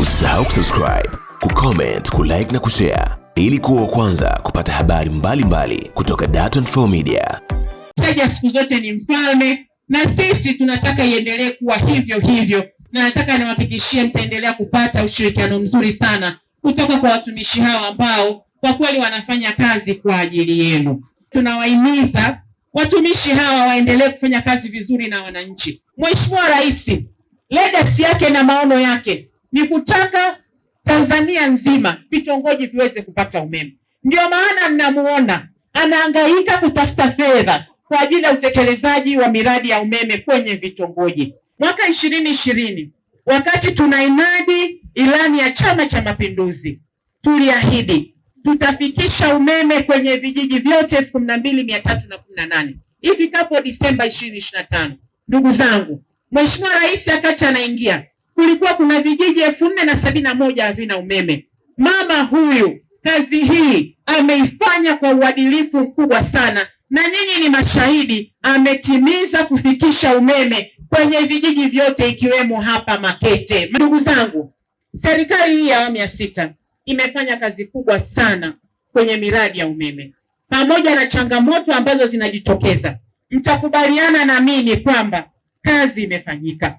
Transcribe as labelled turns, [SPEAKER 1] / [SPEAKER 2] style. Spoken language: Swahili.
[SPEAKER 1] Usisahau kusubscribe, kucomment, kulike na kushare ili kuwa kwanza kupata habari mbalimbali mbali kutoka Dar24 Media.
[SPEAKER 2] Mteja siku zote ni mfalme, na sisi tunataka iendelee kuwa hivyo hivyo, na nataka niwahakikishie mtaendelea kupata ushirikiano mzuri sana kutoka kwa watumishi hawa ambao kwa kweli wanafanya kazi kwa ajili yenu. Tunawahimiza watumishi hawa waendelee kufanya kazi vizuri na wananchi. Mheshimiwa Rais, legacy yake na maono yake ni kutaka Tanzania nzima vitongoji viweze kupata umeme. Ndio maana mnamuona anahangaika kutafuta fedha kwa ajili ya utekelezaji wa miradi ya umeme kwenye vitongoji. Mwaka ishirini ishirini wakati tunainadi ilani ya Chama cha Mapinduzi tuliahidi tutafikisha umeme kwenye vijiji vyote elfu kumi na mbili mia tatu na kumi na nane ifikapo Disemba ishirini ishirini na tano. Ndugu zangu, Mheshimiwa Rais akati anaingia kulikuwa kuna vijiji elfu nne na sabini na moja havina umeme. Mama huyu kazi hii ameifanya kwa uadilifu mkubwa sana, na nyinyi ni mashahidi. Ametimiza kufikisha umeme kwenye vijiji vyote ikiwemo hapa Makete. Ndugu zangu, serikali hii ya awamu ya sita imefanya kazi kubwa sana kwenye miradi ya umeme, pamoja na changamoto ambazo zinajitokeza. Mtakubaliana na mimi kwamba kazi imefanyika.